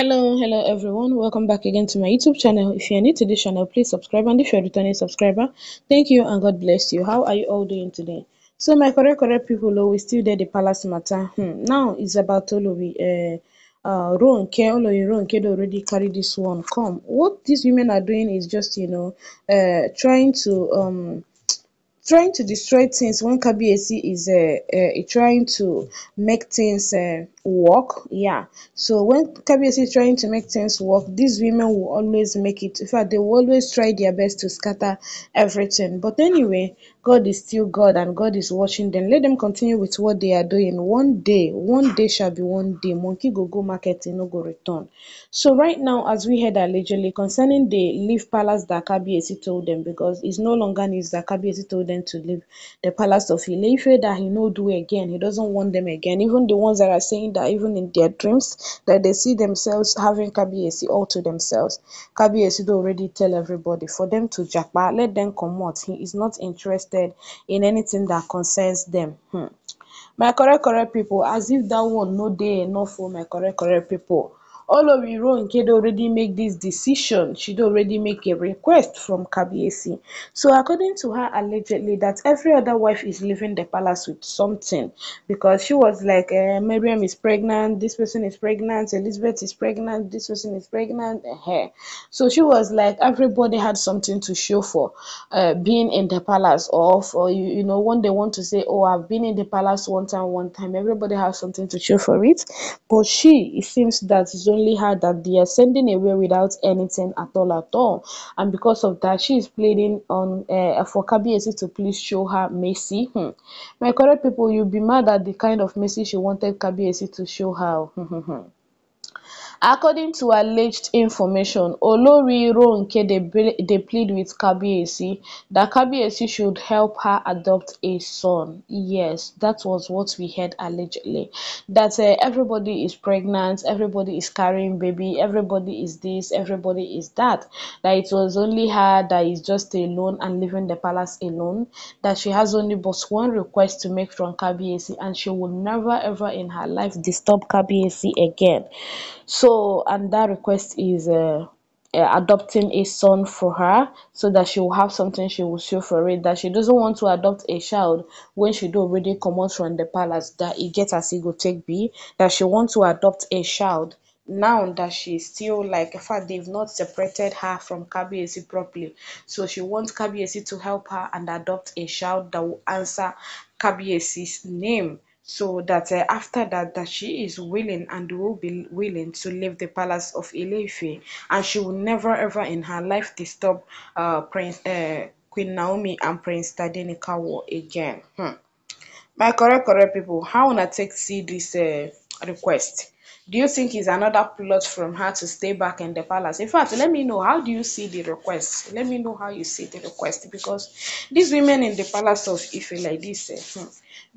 hello hello everyone welcome back again to my youtube channel if you're new to this channel please subscribe and if you're a returning subscriber thank you and god bless you how are you all doing today so my correct correct people oh, we still there the palace matter hmm. now it's about Olowi uh uh Ronke Olowi Ronke already carry this one come what these women are doing is just you know uh trying to um trying to destroy things when Kabiesi is uh, uh, trying to make things uh, work. Yeah. So when Kabiesi is trying to make things work, these women will always make it. In fact, they will always try their best to scatter everything. But anyway, God is still God and God is watching them. Let them continue with what they are doing. One day, one day shall be one day. Monkey go go market no go return. So right now, as we heard allegedly concerning the leaf palace that Kabiesi told them, because it's no longer news that Kabiesi told them them to leave the palace of ile that he no do again. He doesn't want them again. Even the ones that are saying that even in their dreams that they see themselves having Kabiyesi all to themselves. Kabiyesi do already tell everybody for them to japa, let them come out. He is not interested in anything that concerns them. Hmm. My correct correct people, as if that one no day, enough for my correct correct people. Oloriro had already made this decision. She would already make a request from Kabiesi. So according to her, allegedly, that every other wife is leaving the palace with something because she was like, eh, Miriam is pregnant, this person is pregnant, Elizabeth is pregnant, this person is pregnant, her. So she was like, everybody had something to show for uh, being in the palace or for, you, you know, when they want to say, oh, I've been in the palace one time, one time, everybody has something to show for it. But she, it seems that. Heard that they are sending away without anything at all at all and because of that she is pleading on uh, for KBAC to please show her mercy hmm. my correct people you'll be mad at the kind of mercy she wanted KBAC to show her hmm, hmm, hmm according to alleged information olori ronke they plead with kabiyesi that kabiyesi should help her adopt a son yes that was what we heard allegedly That uh, everybody is pregnant everybody is carrying baby everybody is this, everybody is that. that it was only her that is just alone and living the palace alone that she has only but one request to make from kabiyesi and she will never ever in her life disturb kabiyesi again so, and that request is uh, uh, adopting a son for her so that she will have something she will show for it. That she doesn't want to adopt a child when she do already come out from the palace. That it gets as it take B. That she wants to adopt a child now that she's still like in fact they've not separated her from KBAC properly so she wants KBAC to help her and adopt a child that will answer KBAC's name so that uh, after that that she is willing and will be willing to leave the palace of Ileife and she will never ever in her life disturb uh, Prince uh, Queen Naomi and Prince Tadenika again. Hmm. My correct correct people, how una take see this uh, request? do you think it's another plot from her to stay back in the palace? In fact, let me know how do you see the request? Let me know how you see the request because these women in the palace of Ife like this, eh, hmm,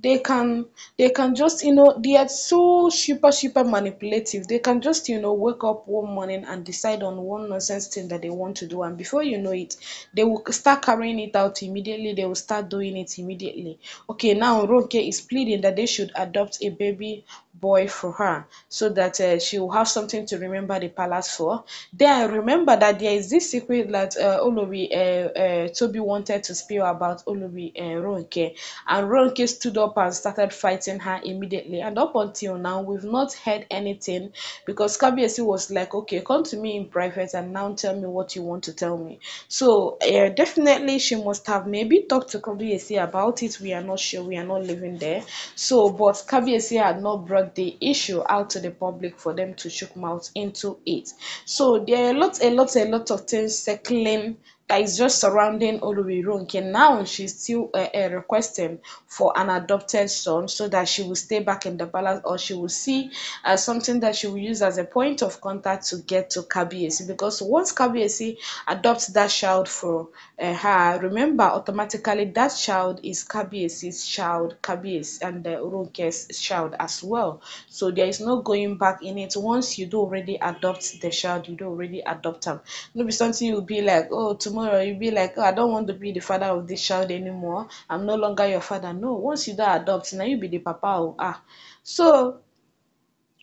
they can they can just you know they are so super super manipulative. They can just you know wake up one morning and decide on one nonsense thing that they want to do, and before you know it, they will start carrying it out immediately. They will start doing it immediately. Okay, now Ronke is pleading that they should adopt a baby boy for her so that uh, she will have something to remember the palace for. Then I remember that there is this secret that uh, Olobi, uh, uh, Toby wanted to spill about Olobi uh, Ronke. And Ronke stood up and started fighting her immediately. And up until now, we've not heard anything because Kabiesi was like, okay, come to me in private and now tell me what you want to tell me. So uh, definitely she must have maybe talked to Kabiesi about it. We are not sure. We are not living there. So, but Kabiesi had not brought the issue out to the public for them to choke mouth into it. So there are a lot, a lot, a lot of things circling that is just surrounding And Now she's still uh, uh, requesting for an adopted son so that she will stay back in the palace or she will see uh, something that she will use as a point of contact to get to Kabiesi because once Kabiesi adopts that child for uh, her, remember automatically that child is Kabiesi's child, Kabiesi and the uh, Ronke's child as well. So there is no going back in it. Once you do already adopt the child, you do already adopt them. No be something you'll be like, oh, tomorrow tomorrow you'll be like, oh, I don't want to be the father of this child anymore. I'm no longer your father. No, once you don't adopt, now you be the papa. Oh, ah. So,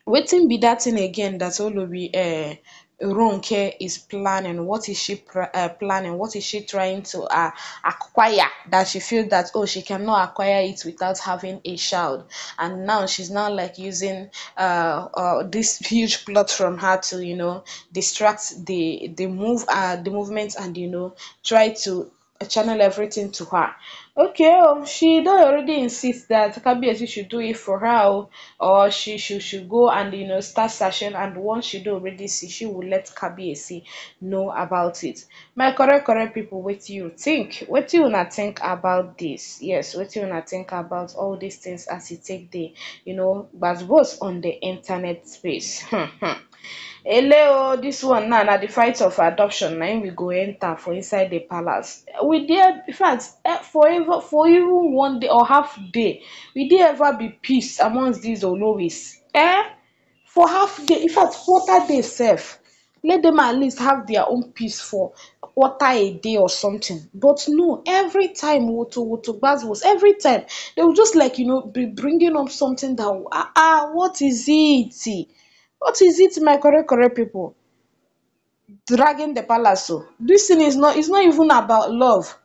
waiting be that thing again that olobi uh, Ronke is planning? What is she pr- uh, planning? What is she trying to uh, acquire that she feels that oh she cannot acquire it without having a child, and now she's now like using uh, uh this huge plot from her to you know distract the the move uh the movement and you know try to channel everything to her Okay, oh, she don't already insist that Kabiesi should do it for her, oh, or she should, should go and you know start session. And once she do already see, she will let Kabiesi know about it. My correct, correct people, what you think? What you wanna think about this? Yes, what you wanna think about all these things as you take the you know, but was on the internet space. Hmm, hmm. Hello, this one now, na the fight of adoption. Now we go enter for inside the palace. We there, in fact, eh, for ever, for even one day or half day, we there ever be peace amongst these Oloris. Eh? For half day, in fact, quarter day self. Let them at least have their own peace for quarter a day or something. But no, every time Woto Woto Baz was every time they would just like you know be bringing up something that ah ah what is it? What is it, my correct correct people? Dragging the palace. Oh. this thing is not it's not even about love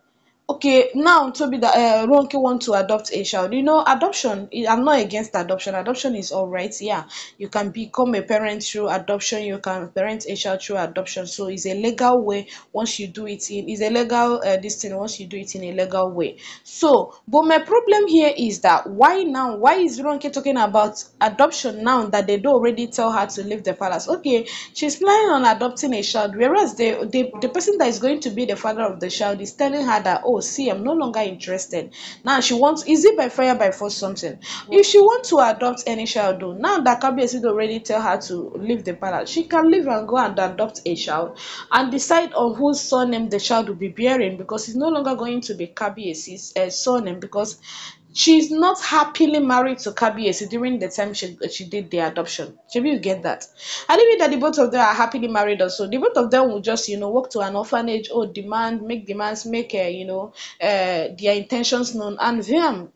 okay now toby that uh, ronke want to adopt a child you know adoption i'm not against adoption adoption is all right yeah you can become a parent through adoption you can parent a child through adoption so it's a legal way once you do it in is a legal uh, this thing once you do it in a legal way so but my problem here is that why now why is ronke talking about adoption now that they do already tell her to leave the palace okay she's planning on adopting a child whereas the, the the person that is going to be the father of the child is telling her that oh oh see i'm no longer interested now she wants is it by fire by force something mm. if she wants to adopt any child though now that kabiyesi already tell her to leave the palace she can leave and go and adopt a child and decide on whose surname the child will be bearing because it's no longer going to be kabiyesi's uh, surname because she's not happily married to Kabiesi during the time she, she did the adoption. Maybe you get that. I mean that the both of them are happily married also, the both of them will just, you know, walk to an orphanage or oh, demand, make demands, make, uh, you know, uh, their intentions known. And them,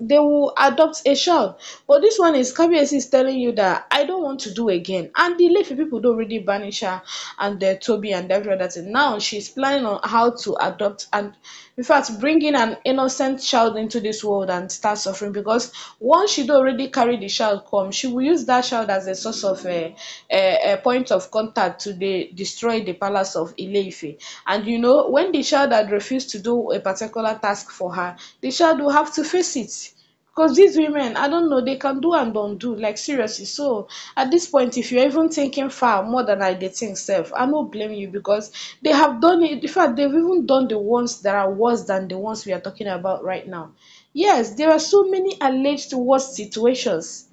they will adopt a child, But this one is KBS is telling you that I don't want to do again. And the Leafy people don't really banish her and uh, Toby and every other thing. Now she's planning on how to adopt and, in fact, bringing an innocent child into this world and start suffering because once she'd already carried the child come, she will use that child as a source of a, a, a point of contact to destroy the palace of Ileife. And you know, when the child had refused to do a particular task for her, the child will have to face it because these women i don't know they can do and don't do. like seriously so at this point if you're even thinking far more than i did think self i not blame you because they have done it in fact they've even done the ones that are worse than the ones we are talking about right now yes there are so many alleged worst situations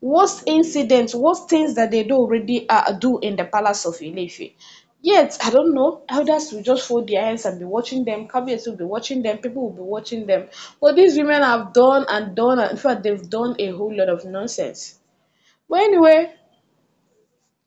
worst incidents worst things that they do already uh, do in the palace of ilefe Yet, I don't know. Elders will just fold their hands and be watching them. Caveats will be watching them. People will be watching them. What these women have done and done, and in fact, they've done a whole lot of nonsense. But anyway,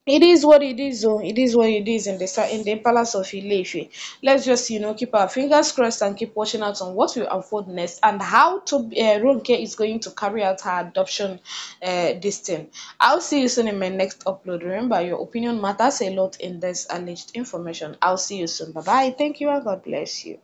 it is what it is, oh, it is what it is in the in the palace of Ilefe. Let's just you know keep our fingers crossed and keep watching out on what will unfold next and how to uh, Ronke is going to carry out her adoption uh, this thing. I'll see you soon in my next upload. Remember, your opinion matters a lot in this alleged information. I'll see you soon. Bye bye. Thank you and God bless you.